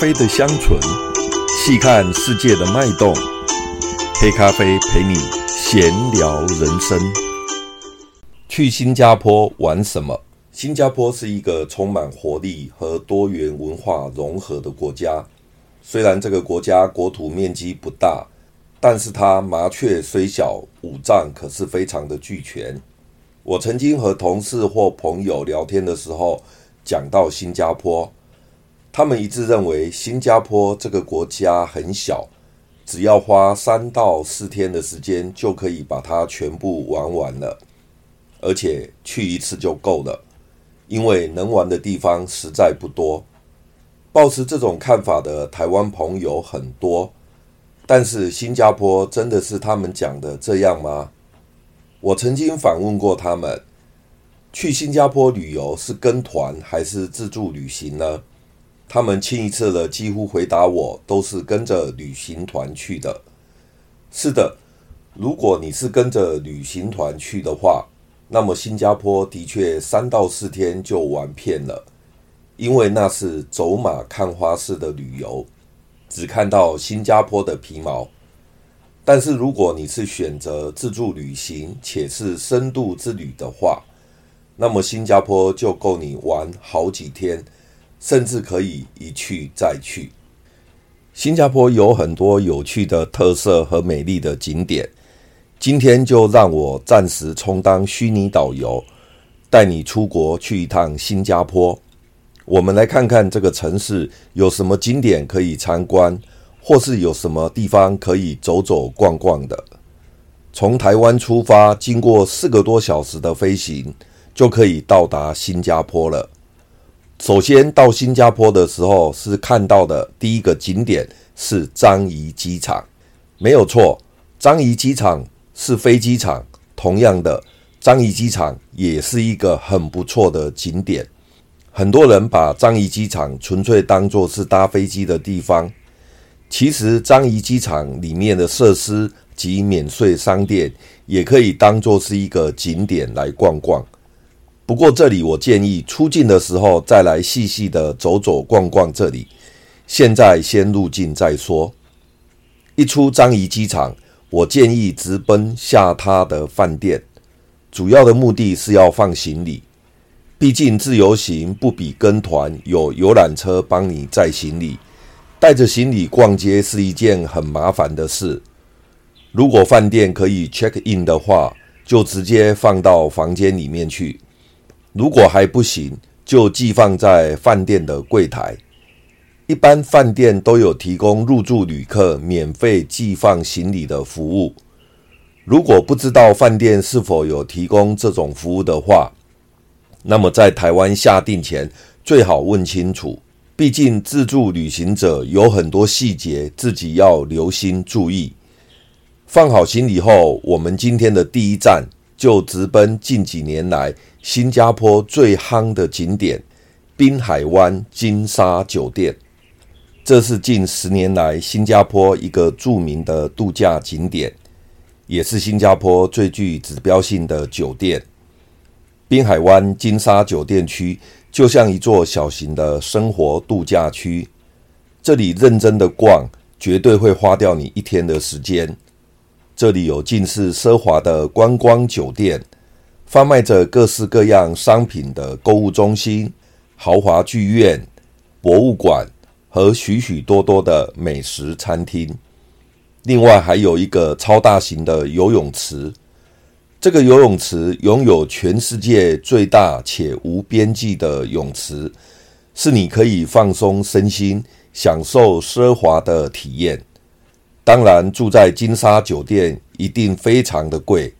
咖啡的香醇，細看世界的脈動。黑咖啡陪你閒聊人生。去新加坡玩什麼？新加坡是一個充滿活力和多元文化融合的國家。雖然這個國家國土面積不大，但是它麻雀雖小，五臟可是非常的俱全。我曾經和同事或朋友聊天的時候，講到新加坡。他們一致認為，新加坡這個國家很小，只要花三到四天的時間就可以把它全部玩完了，而且去一次就夠了，因為能玩的地方實在不多。抱持這種看法的台灣朋友很多，但是新加坡真的是他們講的這樣嗎？我曾經反問過他們，去新加坡旅遊是跟團還是自助旅行呢？他們清一色的，幾乎回答我都是跟着旅行團去的。是的，如果你是跟着旅行團去的話，那麼新加坡的確三到四天就玩遍了，因為那是走馬看花式的旅遊，只看到新加坡的皮毛。但是如果你是選擇自助旅行且是深度之旅的話，那麼新加坡就夠你玩好幾天。甚至可以一去再去。新加坡有很多有趣的特色和美麗的景點。今天就讓我暫時充當虛擬導遊，帶你出國去一趟新加坡。我們來看看這個城市有什麼景點可以參觀，或是有什麼地方可以走走逛逛的。從台灣出發，經過四個多小時的飛行，就可以到達新加坡了。首先到新加坡的時候，是看到的第一個景點是樟宜機場，沒有錯。樟宜機場是飛機場，同樣的，樟宜機場也是一個很不錯的景點。很多人把樟宜機場純粹當作是搭飛機的地方，其實樟宜機場裡面的設施及免稅商店也可以當作是一個景點來逛逛。不過這裡我建議出境的時候再來細細的走走逛逛這裡。現在先入境再說。一出樟宜機場，我建議直奔下榻的飯店，主要的目的是要放行李。畢竟自由行不比跟團，有遊覽車幫你載行李，帶着行李逛街是一件很麻煩的事。如果飯店可以 check in 的話，就直接放到房間裡面去。如果還不行，就寄放在飯店的櫃檯。一般飯店都有提供入住旅客免費寄放行李的服務。如果不知道飯店是否有提供這種服務的話，那麼在台灣下訂前，最好問清楚。畢竟自助旅行者有很多細節，自己要留心注意。放好行李後，我們今天的第一站。就直奔近幾年來新加坡最夯的景點——濱海灣金沙酒店。這是近十年來新加坡一個著名的度假景點，也是新加坡最具指標性的酒店。濱海灣金沙酒店區就像一座小型的生活度假區，這裡認真的逛，絕對會花掉你一天的時間。這裡有盡是奢華的觀光酒店，販賣着各式各樣商品的購物中心、豪華劇院、博物館和許許多多的美食餐廳。另外，還有一個超大型的游泳池。這個游泳池擁有全世界最大且無邊際的泳池，是你可以放鬆身心、享受奢華的體驗。當然，住在金沙酒店一定非常的貴，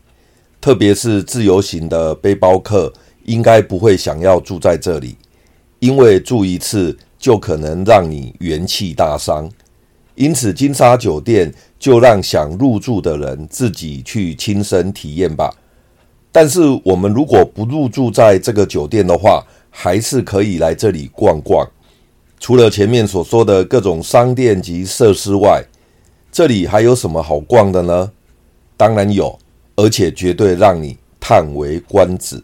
特別是自由行的背包客，應該不會想要住在這裡，因為住一次就可能讓你元氣大傷。因此，金沙酒店就讓想入住的人自己去親身體驗吧。但是，我們如果不入住在這個酒店的話，還是可以來這裡逛逛。除了前面所說的各種商店及設施外，這裡還有什麼好逛的呢？當然有，而且絕對讓你嘆為觀止。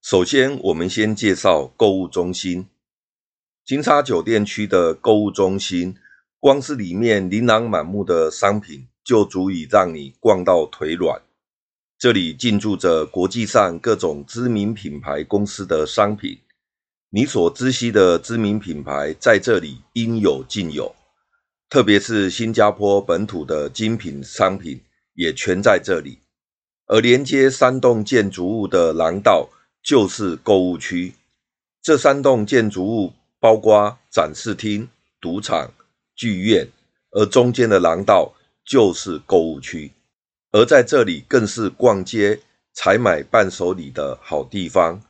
首先，我們先介紹購物中心——金沙酒店區的購物中心。光是裡面琳琅滿目的商品，就足以讓你逛到腿軟。這裡進駐着國際上各種知名品牌公司的商品，你所知悉的知名品牌在這裡應有盡有。特別是新加坡本土的精品商品也全在這裡，而連接三棟建築物的廊道，就是購物區。這三棟建築物包括展示廳、賭場、劇院，而中間的廊道，就是購物區。而在這裡更是逛街、採買伴手禮的好地方。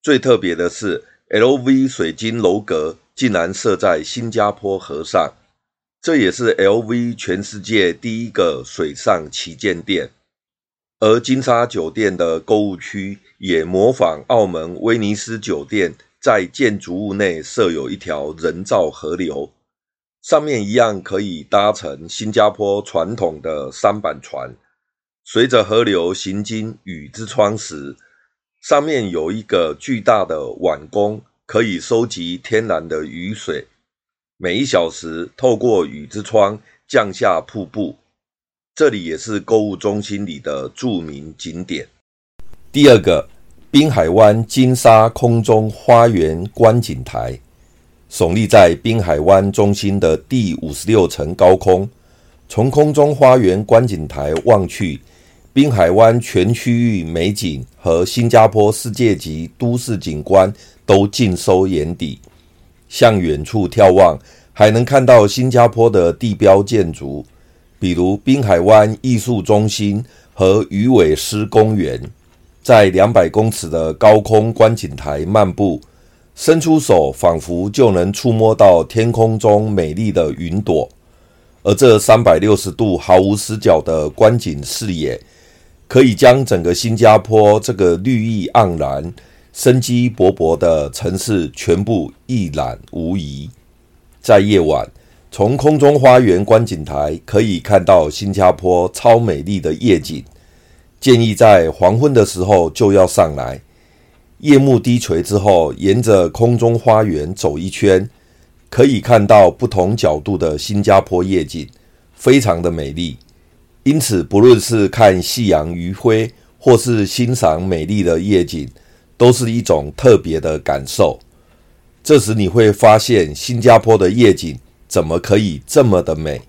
最特別的是，LV 水晶樓閣竟然設在新加坡河上。這也是 LV 全世界第一個水上旗艦店，而金沙酒店的購物區也模仿澳門威尼斯酒店，在建築物內設有一條人造河流，上面一樣可以搭乘新加坡傳統的舢板船，隨着河流行經雨之窗時，上面有一個巨大的碗公，可以收集天然的雨水。每一小時，透過雨之窗降下瀑布。這裡也是購物中心裡的著名景點。第二個，濱海灣金沙空中花園觀景台，聳立在濱海灣中心的第五十六層高空。從空中花園觀景台望去，濱海灣全區域美景和新加坡世界級都市景觀都盡收眼底。向遠處眺望，還能看到新加坡的地標建築，比如濱海灣藝術中心和魚尾獅公園。在兩百公尺的高空觀景台漫步，伸出手仿佛就能觸摸到天空中美麗的雲朵。而這三百六十度毫無死角的觀景視野，可以將整個新加坡這個綠意盎然，生機勃勃的城市全部一覽無遺。在夜晚，從空中花園觀景台可以看到新加坡超美麗的夜景。建議在黃昏的時候就要上來。夜幕低垂之後，沿着空中花園走一圈，可以看到不同角度的新加坡夜景，非常的美麗。因此，不論是看夕陽餘暉，或是欣賞美麗的夜景，都是一種特別的感受。這時你會發現，新加坡的夜景怎麼可以這麼的美？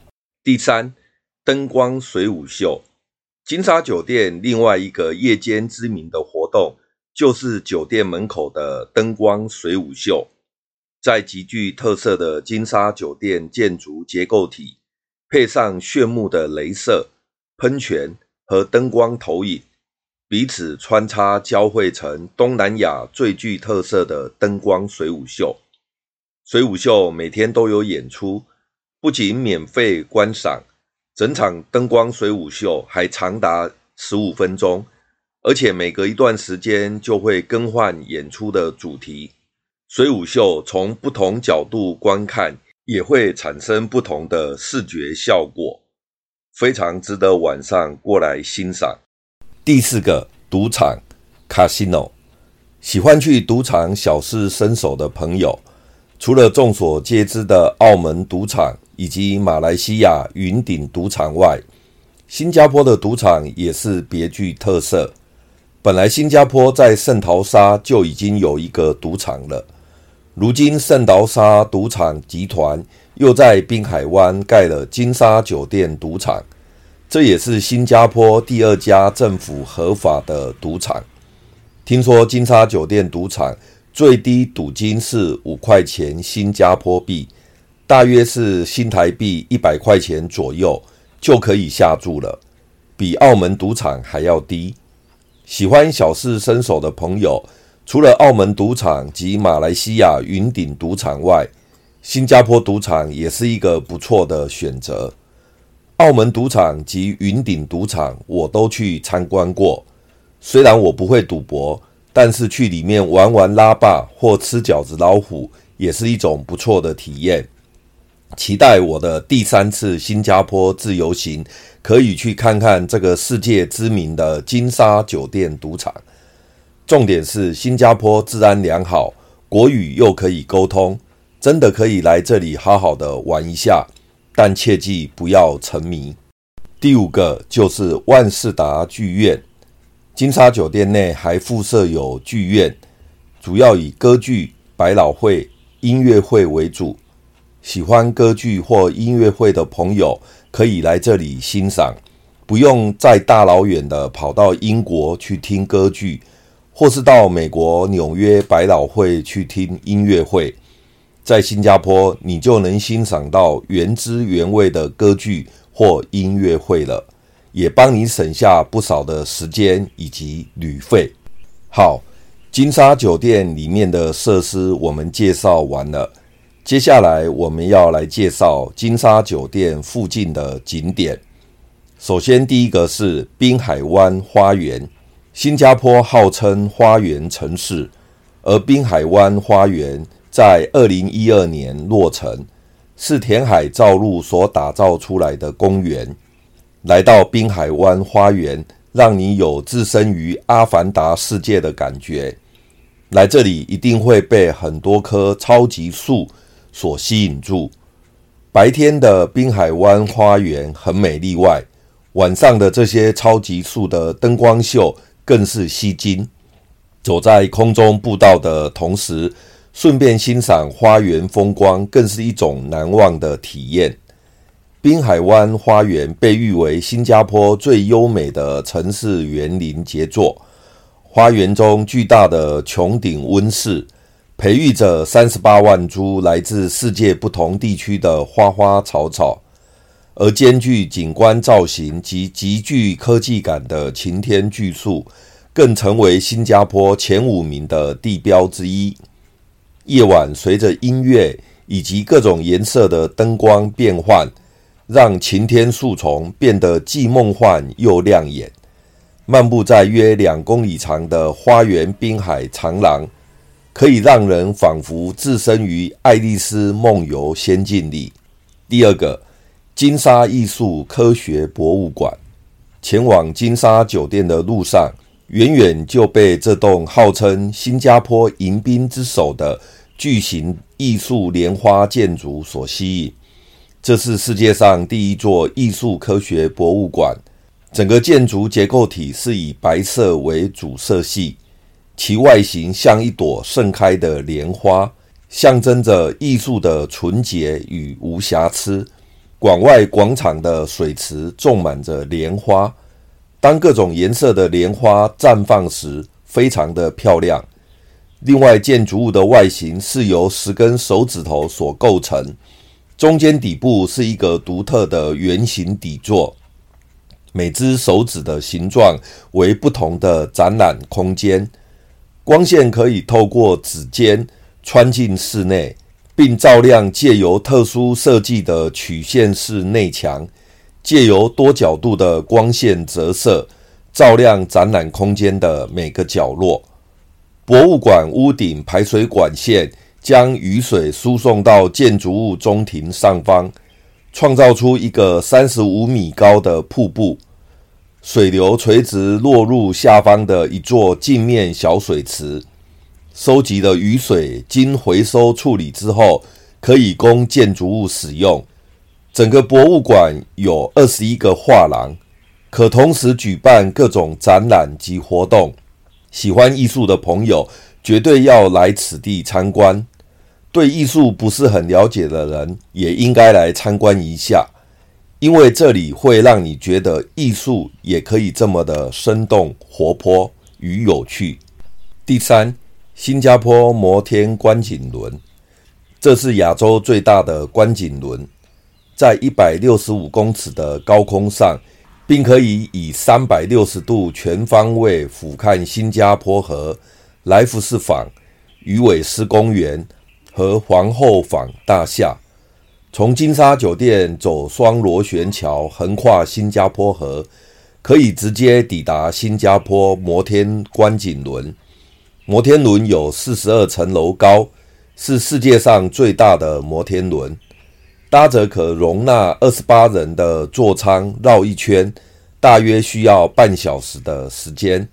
第三，燈光水舞秀。金沙酒店另外一個夜間知名的活動，就是酒店門口的燈光水舞秀。在極具特色的金沙酒店建築結構體，配上炫目的鐳射噴泉和燈光投影。彼此穿插交匯成東南亞最具特色的燈光水舞秀。水舞秀每天都有演出，不僅免費觀賞，整場燈光水舞秀還長達十五分鐘，而且每隔一段時間就會更換演出的主題。水舞秀從不同角度觀看，也會產生不同的視覺效果，非常值得晚上過來欣賞。第四個，賭場，Casino，喜歡去賭場小試身手的朋友，除了眾所皆知的澳門賭場以及馬來西亞雲頂賭場外，新加坡的賭場也是別具特色。本來新加坡在聖淘沙就已經有一個賭場了，如今聖淘沙賭場集團又在濱海灣蓋了金沙酒店賭場。這也是新加坡第二家政府合法的賭場。聽說金沙酒店賭場最低賭金是五塊錢新加坡幣，大約是新台幣一百塊錢左右就可以下注了，比澳門賭場還要低。喜歡小試身手的朋友，除了澳門賭場及馬來西亞雲頂賭場外，新加坡賭場也是一個不錯的選擇。澳門賭場及雲頂賭場我都去參觀過，雖然我不會賭博，但是去裡面玩玩拉霸或吃角子老虎也是一種不錯的體驗。期待我的第三次新加坡自由行，可以去看看這個世界知名的金沙酒店賭場。重點是新加坡治安良好，國語又可以溝通，真的可以來這裡好好的玩一下。但切記不要沉迷。第五個就是萬事達劇院，金沙酒店內還附設有劇院，主要以歌劇、百老匯音樂會為主。喜歡歌劇或音樂會的朋友，可以來這裡欣賞，不用再大老遠的跑到英國去聽歌劇，或是到美國紐約百老匯去聽音樂會。在新加坡，你就能欣賞到原汁原味的歌劇或音樂會了，也幫你省下不少的時間以及旅費。好，金沙酒店裡面的設施我們介紹完了，接下來我們要來介紹金沙酒店附近的景點。首先，第一個是濱海灣花園。新加坡號稱花園城市，而濱海灣花園，在二零一二年落成，是填海造陸所打造出來的公園。來到濱海灣花園，讓你有置身於阿凡達世界的感覺。來這裡一定會被很多棵超級樹所吸引住。白天的濱海灣花園很美麗外，外晚上的這些超級樹的燈光秀更是吸睛。走在空中步道的同時，順便欣賞花園風光，更是一種難忘的體驗。濱海灣花園被譽為新加坡最優美的城市園林傑作。花園中巨大的穹頂溫室，培育着三十八萬株來自世界不同地區的花花草草，而兼具景觀造型及極具科技感的擎天巨樹，更成為新加坡前五名的地標之一。夜晚隨着音樂以及各種顏色的燈光變換，讓擎天樹叢變得既夢幻又亮眼。漫步在約兩公里長的花園濱海長廊，可以讓人仿佛置身於愛麗絲夢遊仙境裡。第二個，金沙藝術科學博物館。前往金沙酒店的路上，遠遠就被這棟號稱新加坡迎賓之首的。巨型藝術蓮花建築所吸引，這是世界上第一座藝術科學博物館。整個建築結構體是以白色為主色系，其外形像一朵盛開的蓮花，象徵着藝術的純潔與無瑕疵。館外廣場的水池種滿着蓮花，當各種顏色的蓮花綻放時，非常的漂亮。另外，建築物的外形是由十根手指頭所構成，中間底部是一個獨特的圓形底座。每隻手指的形狀為不同的展覽空間，光線可以透過指尖穿進室內，並照亮借由特殊設計的曲線式內牆，借由多角度的光線折射，照亮展覽空間的每個角落。博物館屋頂排水管線將雨水輸送到建築物中庭上方，創造出一個三十五米高的瀑布。水流垂直落入下方的一座鏡面小水池，收集的雨水經回收處理之後，可以供建築物使用。整個博物館有二十一個畫廊，可同時舉辦各種展覽及活動。喜歡藝術的朋友絕對要來此地參觀，對藝術不是很了解的人也應該來參觀一下，因為這裡會讓你覺得藝術也可以這麼的生動活潑與有趣。第三，新加坡摩天觀景輪，這是亞洲最大的觀景輪，在一百六十五公尺的高空上。並可以以三百六十度全方位俯瞰新加坡河、萊佛士坊、魚尾獅公園和皇后坊大廈。從金沙酒店走雙螺旋橋橫跨新加坡河，可以直接抵達新加坡摩天觀景輪。摩天輪有四十二層樓高，是世界上最大的摩天輪。搭着可容納二十八人的座艙繞一圈，大約需要半小時的時間。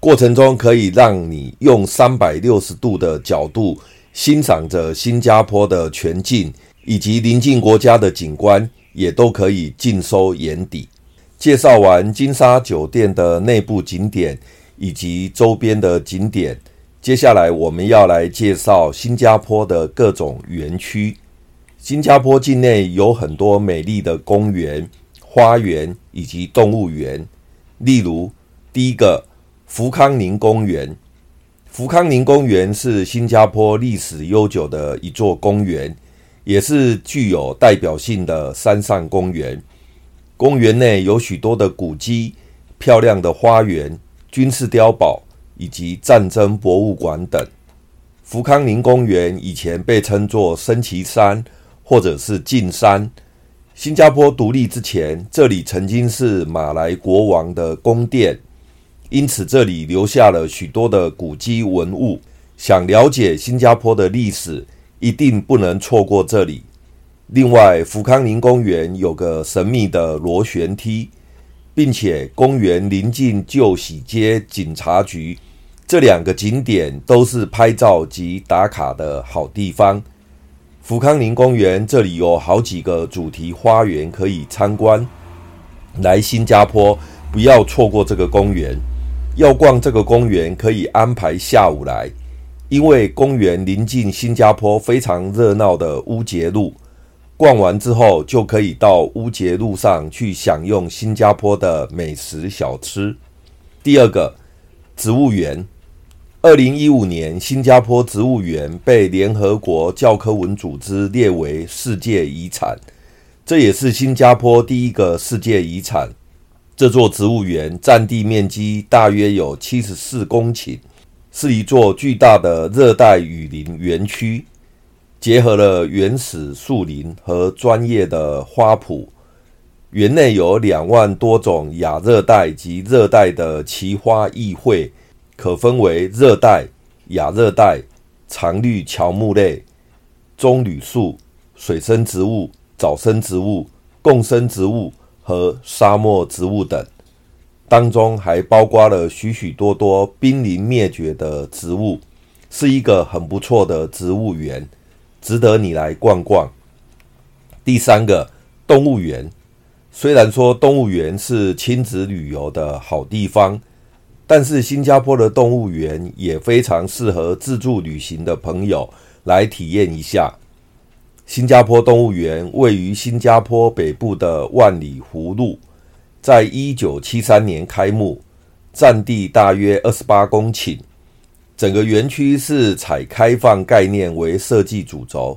過程中可以讓你用三百六十度的角度欣賞着新加坡的全境以及鄰近國家的景觀，也都可以盡收眼底。介紹完金沙酒店的內部景點以及周邊的景點，接下來我們要來介紹新加坡的各種園區。新加坡境內有很多美麗的公園、花園以及動物園，例如第一個福康寧公園。福康寧公園是新加坡歷史悠久的一座公園，也是具有代表性的山上公園。公園內有許多的古蹟、漂亮的花園、軍事碉堡以及戰爭博物館等。福康寧公園以前被稱作升旗山。或者是禁山。新加坡獨立之前，這裡曾經是馬來國王的宮殿，因此這裡留下了許多的古蹟文物。想了解新加坡的歷史，一定不能錯過這裡。另外，福康寧公園有個神秘的螺旋梯，並且公園臨近舊禧街警察局，這兩個景點都是拍照及打卡的好地方。福康寧公園這裡有好幾個主題花園可以參觀，來新加坡不要錯過這個公園。要逛這個公園可以安排下午來，因為公園臨近新加坡非常熱鬧的烏節路，逛完之後就可以到烏節路上去享用新加坡的美食小吃。第二個，植物園。二零一五年，新加坡植物園被聯合國教科文組織列為世界遺產，這也是新加坡第一個世界遺產。這座植物園占地面積大約有七十四公頃，是一座巨大的熱帶雨林園區，結合了原始樹林和專業的花圃。園內有兩萬多種亞熱帶及熱帶的奇花異卉。可分為熱帶、亞熱帶、常綠喬木類、棕櫚樹、水生植物、早生植物、共生植物和沙漠植物等，當中還包括了許許多多瀕臨滅絕的植物，是一個很不錯的植物園，值得你來逛逛。第三個，動物園，雖然說動物園是親子旅遊的好地方。但是新加坡的動物園也非常適合自助旅行的朋友來體驗一下。新加坡動物園位於新加坡北部的萬里湖路，在一九七三年開幕，占地大約二十八公頃。整個園區是採開放概念為設計主軸，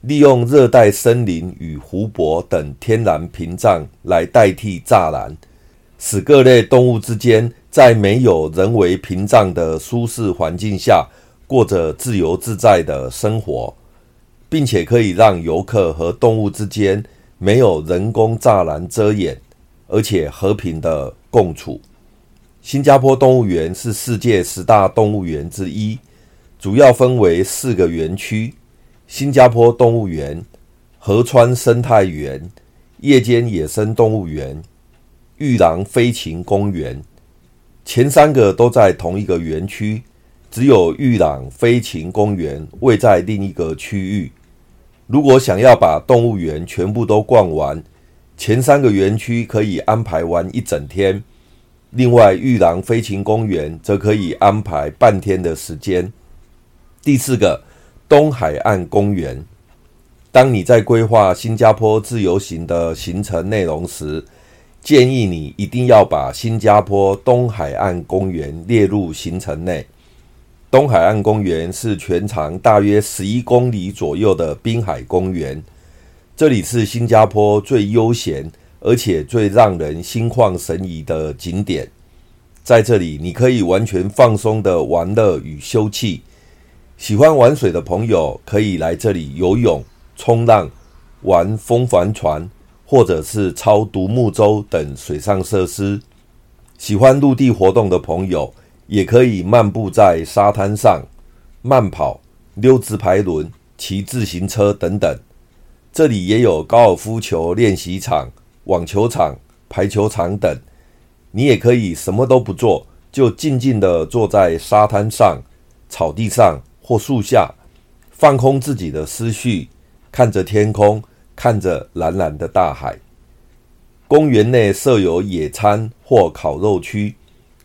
利用熱帶森林與湖泊等天然屏障來代替柵欄，使各類動物之間。在沒有人為屏障的舒適環境下，過着自由自在的生活，並且可以讓遊客和動物之間沒有人工柵欄遮掩，而且和平的共處。新加坡動物園是世界十大動物園之一，主要分為四個園區：新加坡動物園、河川生態園、夜間野生動物園、裕廊飛禽公園。前三個都在同一個園區，只有裕廊飛禽公園位在另一個區域。如果想要把動物園全部都逛完，前三個園區可以安排玩一整天，另外裕廊飛禽公園則可以安排半天的時間。第四個，東海岸公園。當你在規劃新加坡自由行的行程內容時，建議你一定要把新加坡東海岸公園列入行程內。東海岸公園是全長大約十一公里左右的濱海公園，這裡是新加坡最悠閒而且最讓人心曠神怡的景點。在這裡，你可以完全放鬆的玩樂與休憩。喜歡玩水的朋友可以來這裡游泳、衝浪、玩風帆船。或者是超獨木舟等水上設施，喜歡陸地活動的朋友也可以漫步在沙灘上、慢跑、溜直排輪、騎自行車等等。這裡也有高爾夫球練習場、網球場、排球場等。你也可以什麼都不做，就靜靜的坐在沙灘上、草地上或樹下，放空自己的思緒，看着天空。看着藍藍的大海，公園內設有野餐或烤肉區，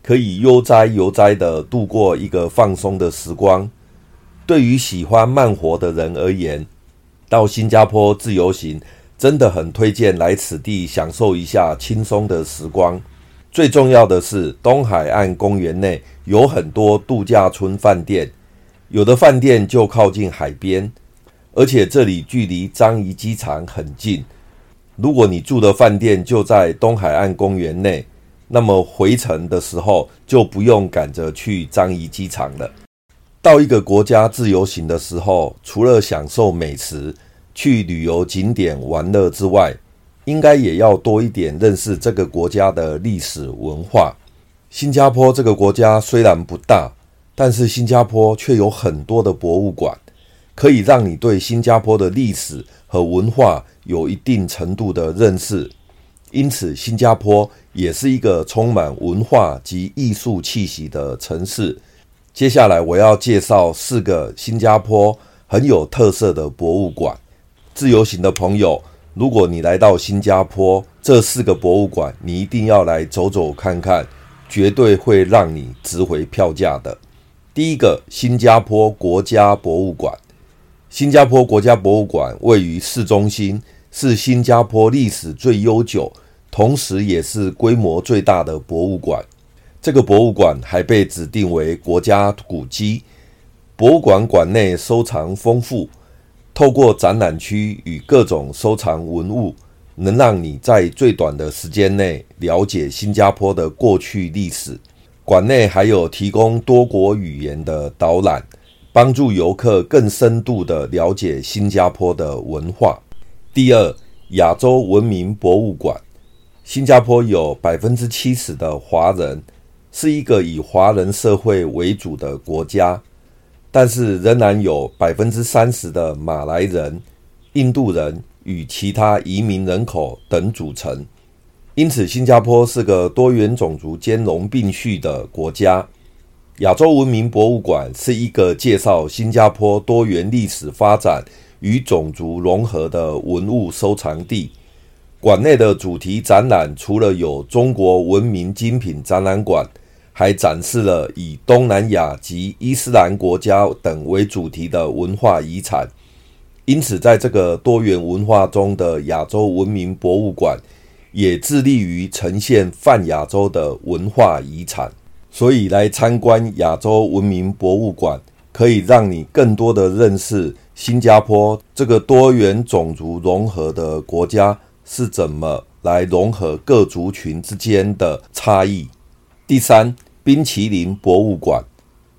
可以悠哉悠哉的度過一個放鬆的時光。對於喜歡慢活的人而言，到新加坡自由行，真的很推薦來此地享受一下輕鬆的時光。最重要的是，東海岸公園內有很多度假村飯店，有的飯店就靠近海邊。而且這裡距離樟宜機場很近，如果你住的飯店就在東海岸公園內，那麼回程的時候就不用趕着去樟宜機場了。到一個國家自由行的時候，除了享受美食、去旅遊景點玩樂之外，應該也要多一點認識這個國家的歷史文化。新加坡這個國家雖然不大，但是新加坡卻有很多的博物館。可以讓你對新加坡的歷史和文化有一定程度的認識，因此，新加坡也是一個充滿文化及藝術氣息的城市。接下來，我要介紹四個新加坡很有特色的博物館。自由行的朋友，如果你來到新加坡，這四個博物館你一定要來走走看看，絕對會讓你值回票價的。第一個，新加坡國家博物館。新加坡國家博物館位於市中心，是新加坡歷史最悠久，同時也是規模最大的博物館。這個博物館還被指定為國家古蹟。博物館館內收藏豐富，透過展覽區與各種收藏文物，能讓你在最短的時間內了解新加坡的過去歷史。館內還有提供多國語言的導覽。幫助遊客更深度的了解新加坡的文化。第二，亞洲文明博物館。新加坡有百分之七十的華人，是一個以華人社會為主的國家，但是仍然有百分之三十的馬來人、印度人與其他移民人口等組成。因此，新加坡是個多元種族兼容並蓄的國家。亞洲文明博物館是一個介紹新加坡多元歷史發展與種族融合的文物收藏地。館內的主題展覽除了有中國文明精品展覽館，還展示了以東南亞及伊斯蘭國家等為主題的文化遺產。因此，在這個多元文化中的亞洲文明博物館，也致力於呈現泛亞洲的文化遺產。所以來參觀亞洲文明博物館，可以讓你更多的認識新加坡這個多元種族融合的國家，是怎麼來融合各族群之間的差異。第三，冰淇淋博物館，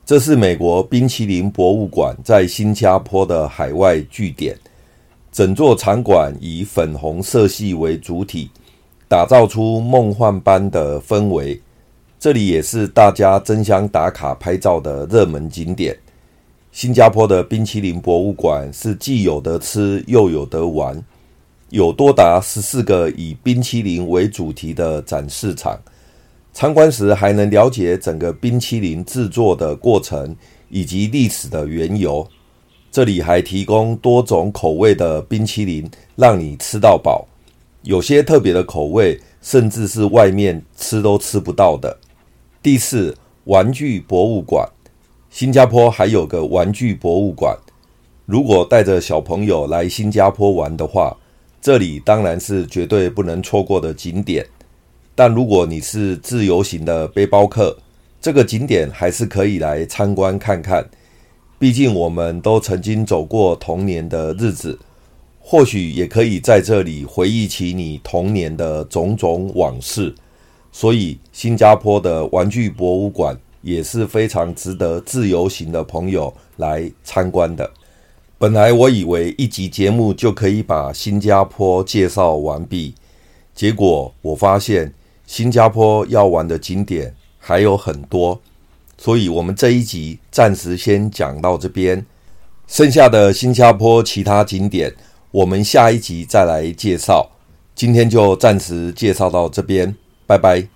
這是美國冰淇淋博物館在新加坡的海外據點，整座場館以粉紅色系為主體，打造出夢幻般的氛圍。這裡也是大家爭相打卡拍照的熱門景點。新加坡的冰淇淋博物館是既有得吃又有得玩，有多達十四個以冰淇淋為主題的展示場。參觀時還能了解整個冰淇淋製作的過程以及歷史的緣由。這裡還提供多種口味的冰淇淋，讓你吃到飽。有些特別的口味，甚至是外面吃都吃不到的。第四，玩具博物館。新加坡還有個玩具博物館。如果帶着小朋友來新加坡玩的話，這裡當然是絕對不能錯過的景點。但如果你是自由行的背包客，這個景點還是可以來參觀看看。畢竟我們都曾經走過童年的日子，或許也可以在這裡回憶起你童年的種種往事。所以，新加坡的玩具博物館也是非常值得自由行的朋友來參觀的。本來我以為一集節目就可以把新加坡介紹完畢，結果我發現新加坡要玩的景點還有很多，所以我們這一集暫時先講到這邊，剩下的新加坡其他景點我們下一集再來介紹。今天就暫時介紹到這邊。拜拜。